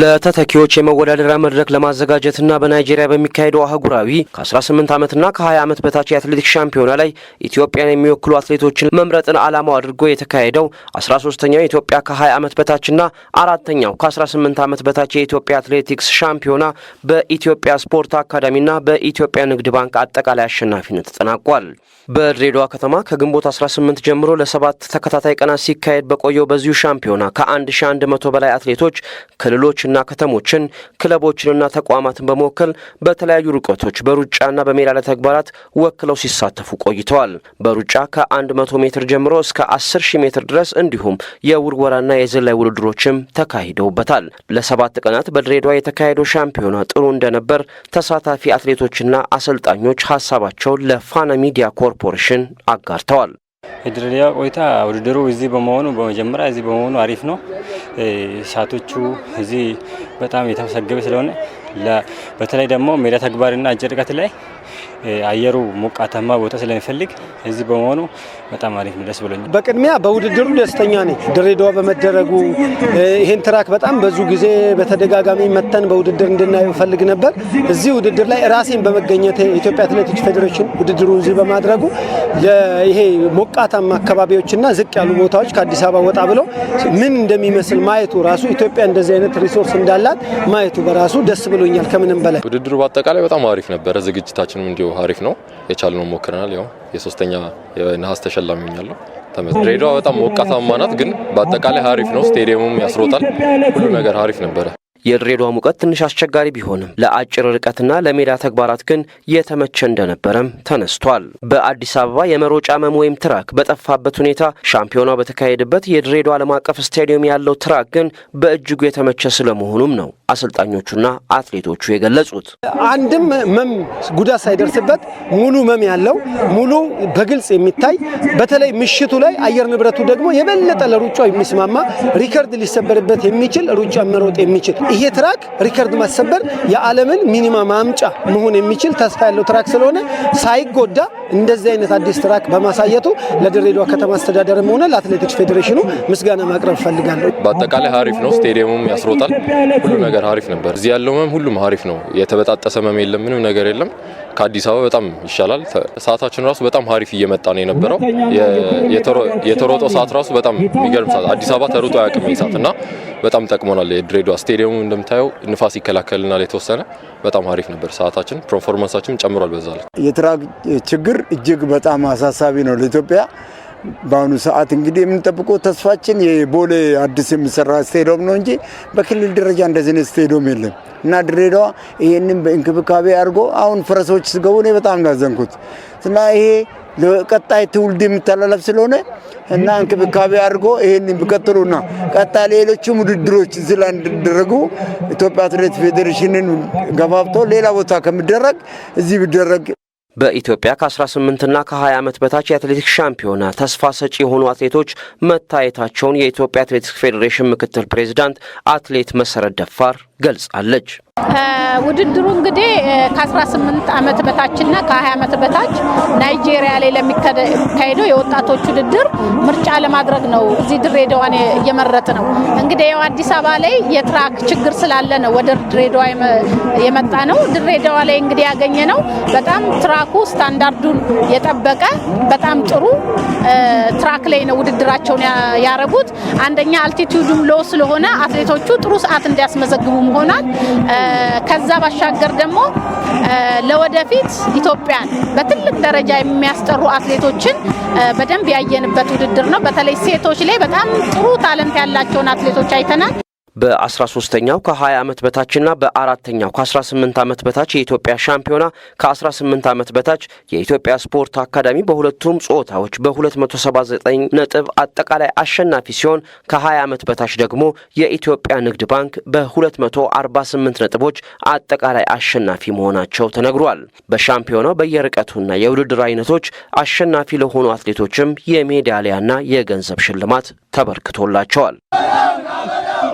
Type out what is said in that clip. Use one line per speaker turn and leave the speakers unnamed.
ለተተኪዎች የመወዳደሪያ መድረክ ለማዘጋጀትና በናይጄሪያ በሚካሄደው አህጉራዊ ከ18 ዓመትና ከ20 ዓመት በታች የአትሌቲክስ ሻምፒዮና ላይ ኢትዮጵያን የሚወክሉ አትሌቶችን መምረጥን ዓላማው አድርጎ የተካሄደው 13ኛው የኢትዮጵያ ከ20 ዓመት በታችና አራተኛው ከ18 ዓመት በታች የኢትዮጵያ አትሌቲክስ ሻምፒዮና በኢትዮጵያ ስፖርት አካዳሚና በኢትዮጵያ ንግድ ባንክ አጠቃላይ አሸናፊነት ተጠናቋል። በድሬዳዋ ከተማ ከግንቦት 18 ጀምሮ ለሰባት ተከታታይ ቀናት ሲካሄድ በቆየው በዚሁ ሻምፒዮና ከ1100 በላይ አትሌቶች ክልሎች ክልሎችና ከተሞችን ክለቦችንና ተቋማትን በመወከል በተለያዩ ርቀቶች በሩጫና በሜዳ ላይ ተግባራት ወክለው ሲሳተፉ ቆይተዋል። በሩጫ ከ100 ሜትር ጀምሮ እስከ 10 ሜትር ድረስ እንዲሁም የውርወራና የዝላይ ውድድሮችም ተካሂደውበታል። ለሰባት ቀናት በድሬዳዋ የተካሄደው ሻምፒዮና ጥሩ እንደነበር ተሳታፊ አትሌቶችና አሰልጣኞች ሀሳባቸውን ለፋና ሚዲያ ኮርፖሬሽን አጋርተዋል።
የድሬዳዋ ቆይታ ውድድሩ እዚህ በመሆኑ በመጀመሪያ እዚህ በመሆኑ አሪፍ ነው። እሳቶቹ እዚህ በጣም የተመሰገበ ስለሆነ በተለይ ደግሞ ሜዳ ተግባርና አጭር ርቀት ላይ አየሩ ሞቃታማ ቦታ ስለሚፈልግ እዚህ በመሆኑ በጣም አሪፍ ነው፣ ደስ ብሎኛል።
በቅድሚያ በውድድሩ ደስተኛ ነኝ። ድሬዳዋ በመደረጉ ይህን ትራክ በጣም ብዙ ጊዜ በተደጋጋሚ መተን በውድድር እንድናየው ፈልግ ነበር። እዚህ ውድድር ላይ ራሴን በመገኘት የኢትዮጵያ አትሌቲክስ ፌዴሬሽን ውድድሩን እዚህ በማድረጉ ይሄ ሞቃታማ አካባቢዎችና ዝቅ ያሉ ቦታዎች ከአዲስ አበባ ወጣ ብለው ምን እንደሚመስል ማየቱ ራሱ ኢትዮጵያ እንደዚህ አይነት ሪሶርስ እንዳላት ማየቱ በራሱ ደስ ብሎ ብሎኛል። ከምንም በላይ ውድድሩ
በአጠቃላይ በጣም አሪፍ ነበረ። ዝግጅታችንም እንዲሁ አሪፍ ነው። የቻልነው ሞክረናል። ያው የሶስተኛ ነሐስ ተሸላሚ ሆኛለሁ። ድሬዳዋ በጣም ሞቃታማ ናት፣ ግን በአጠቃላይ አሪፍ ነው። ስቴዲየሙም ያስሮጣል። ሁሉ ነገር አሪፍ ነበረ።
የድሬዳዋ ሙቀት ትንሽ አስቸጋሪ ቢሆንም ለአጭር ርቀትና ለሜዳ ተግባራት ግን የተመቸ እንደነበረም ተነስቷል። በአዲስ አበባ የመሮጫ መም ወይም ትራክ በጠፋበት ሁኔታ ሻምፒዮኗ በተካሄደበት የድሬዳዋ ዓለም አቀፍ ስታዲየም ያለው ትራክ ግን በእጅጉ የተመቸ ስለመሆኑም ነው አሰልጣኞቹና አትሌቶቹ የገለጹት።
አንድም መም ጉዳት ሳይደርስበት ሙሉ መም ያለው ሙሉ በግልጽ የሚታይ በተለይ ምሽቱ ላይ አየር ንብረቱ ደግሞ የበለጠ ለሩጫው የሚስማማ ሪከርድ ሊሰበርበት የሚችል ሩጫ መሮጥ የሚችል ይሄ ትራክ ሪከርድ ማሰበር የዓለምን ሚኒማ ማምጫ መሆን የሚችል ተስፋ ያለው ትራክ ስለሆነ ሳይጎዳ እንደዚህ አይነት አዲስ ትራክ በማሳየቱ ለድሬዳዋ ከተማ አስተዳደርም ሆነ ለአትሌቲክስ ፌዴሬሽኑ ምስጋና ማቅረብ ፈልጋለሁ።
በአጠቃላይ ሀሪፍ ነው። ስቴዲየሙም ያስሮጣል። ሁሉ ነገር ሀሪፍ ነበር። እዚህ ያለው መም ሁሉም ሀሪፍ ነው። የተበጣጠሰ መም የለም። ምንም ነገር የለም። ከአዲስ አበባ በጣም ይሻላል። ሰዓታችን ራሱ በጣም ሀሪፍ እየመጣ ነው የነበረው። የተሮጦ ሰዓት ራሱ በጣም የሚገርም ሰዓት፣ አዲስ አበባ ተሮጦ አያውቅም ሰዓት እና በጣም ጠቅሞናል። የድሬዳዋ ስቴዲየሙ እንደምታየው ንፋስ ይከላከልናል የተወሰነ በጣም አሪፍ ነበር። ሰዓታችን ፐርፎርማንሳችን ጨምሯል። በዛ ላይ
የትራክ ችግር እጅግ በጣም አሳሳቢ ነው ለኢትዮጵያ በአሁኑ ሰዓት እንግዲህ የምንጠብቀው ተስፋችን የቦሌ አዲስ የሚሰራ ስቴዲየም ነው እንጂ በክልል ደረጃ እንደዚህ ስቴዲየም የለም እና ድሬዳዋ ይህንን በእንክብካቤ አድርጎ አሁን ፈረሶች ስገቡ እኔ በጣም ናዘንኩት እና ይሄ ለቀጣይ ትውልድ የሚተላለፍ ስለሆነ እና እንክብካቤ አድርጎ ይህን ቢቀጥሉና ቀጣይ ሌሎችም ውድድሮች እዚህ ላይ እንዲደረጉ ኢትዮጵያ አትሌት ፌዴሬሽንን ገፋፍቶ ሌላ ቦታ ከሚደረግ እዚህ ቢደረግ
በኢትዮጵያ ከ18ና ከ20 ዓመት በታች የአትሌቲክስ ሻምፒዮና ተስፋ ሰጪ የሆኑ አትሌቶች መታየታቸውን የኢትዮጵያ አትሌቲክስ ፌዴሬሽን ምክትል ፕሬዚዳንት አትሌት መሰረት ደፋር ገልጻለች።
ውድድሩ እንግዲህ ከ18 ዓመት በታችና ከ20 ዓመት በታች ናይጄሪያ ላይ ለሚካሄደው የወጣቶች ውድድር ምርጫ ለማድረግ ነው። እዚህ ድሬዳዋን እየመረጥ ነው። እንግዲህ ያው አዲስ አበባ ላይ የትራክ ችግር ስላለ ነው ወደ ድሬዳዋ የመጣ ነው። ድሬዳዋ ላይ እንግዲህ ያገኘ ነው። በጣም ትራኩ ስታንዳርዱን የጠበቀ በጣም ጥሩ ትራክ ላይ ነው ውድድራቸውን ያረጉት። አንደኛ አልቲቱዱም ሎ ስለሆነ አትሌቶቹ ጥሩ ሰዓት እንዲያስመዘግቡ ይሆናል። ከዛ ባሻገር ደግሞ ለወደፊት ኢትዮጵያን በትልቅ ደረጃ የሚያስጠሩ አትሌቶችን በደንብ ያየንበት ውድድር ነው። በተለይ ሴቶች ላይ በጣም ጥሩ ታለንት ያላቸውን አትሌቶች አይተናል።
በ13ኛው ከ20 ዓመት በታችና በአራተኛው ከ18 ዓመት በታች የኢትዮጵያ ሻምፒዮና ከ18 ዓመት በታች የኢትዮጵያ ስፖርት አካዳሚ በሁለቱም ጾታዎች በ279 ነጥብ አጠቃላይ አሸናፊ ሲሆን ከ20 ዓመት በታች ደግሞ የኢትዮጵያ ንግድ ባንክ በ248 ነጥቦች አጠቃላይ አሸናፊ መሆናቸው ተነግሯል። በሻምፒዮናው በየርቀቱና የውድድር አይነቶች አሸናፊ ለሆኑ አትሌቶችም የሜዳሊያና የገንዘብ ሽልማት ተበርክቶላቸዋል።